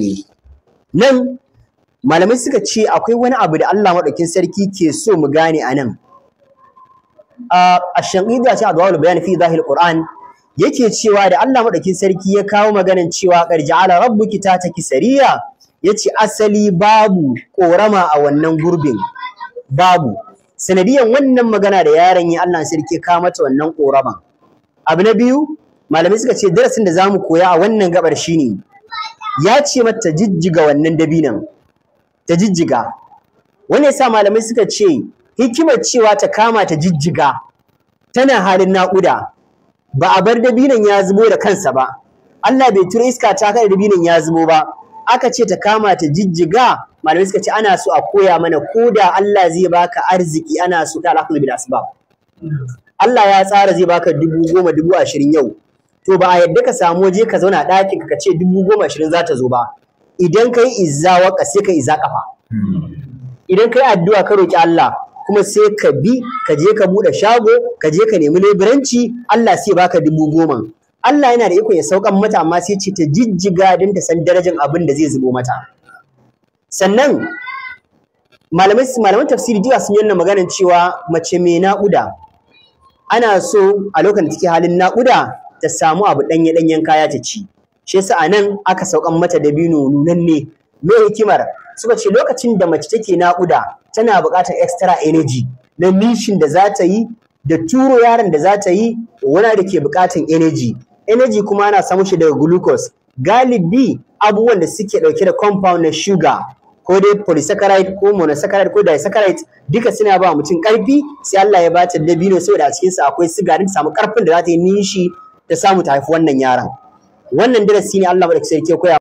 ne nan malamai suka ce akwai wani abu da Allah madaukin sarki ke so mu gane a nan ash-shanqidi a cikin adwa'ul bayan fi zahil qur'an yake cewa da Allah madaukin sarki ya kawo maganan cewa ala rabbuki ta taki sariya yace asali babu korama a wannan gurbin babu sanadiyan wannan magana da yaron ya Allah sarki ka mata wannan korama abu na biyu malamai suka ce darasin da zamu koya a wannan gabar shine ya ce mata ta jijjiga wannan dabinan ta jijjiga ya yasa malamai suka ce hikimar cewa ta kama ta jijjiga tana halin naƙuda ba a bar dabinan ya zubo da kansa ba Allah bai tura iska ta kada dabinan ya zubo ba aka ce ta kama ta jijjiga malamai suka ce ana so a koya mana ko da Allah zai baka arziki ana so ta alhamdu bil asbab Allah ya tsara zai baka dubu goma dubu ashirin yau to ba a yadda ka samu waje ka zauna ɗakin ka ce dubu goma ashirin za ta zo ba idan ka yi izawa ka sai ka iza kafa idan ka yi addu'a ka roƙi Allah kuma sai ka bi ka je ka buɗe shago ka je ka nemi leburanci Allah sai baka dubu goma Allah yana da iko ya saukan mata amma sai ce ta jijjiga don ta san darajar abin da zai zubo mata sannan malamai malaman tafsiri jiya sun yi maganar cewa mace mai naƙuda ana so a lokacin da halin naƙuda ta samu abu ɗanye ɗanyen kaya ta ci shi yasa a nan aka saukan mata dabino nunanne me hikimar suka ce lokacin da mace take naƙuda tana buƙatar extra energy na nishin da za ta yi da turo yaron da za ta yi wani da ke buƙatar energy energy kuma ana samun shi daga glucose galibi abubuwan da suke ɗauke da compound na sugar ko dai polysaccharide ko monosaccharide ko disaccharide duka suna ba mutum ƙarfi sai Allah ya ba ta dabino saboda a cikinsa akwai sigarin ta samu ƙarfin da za ta yi nishi ta samu ta haifi wannan yaron wannan darasi ne Allah madaukakin sai ya koya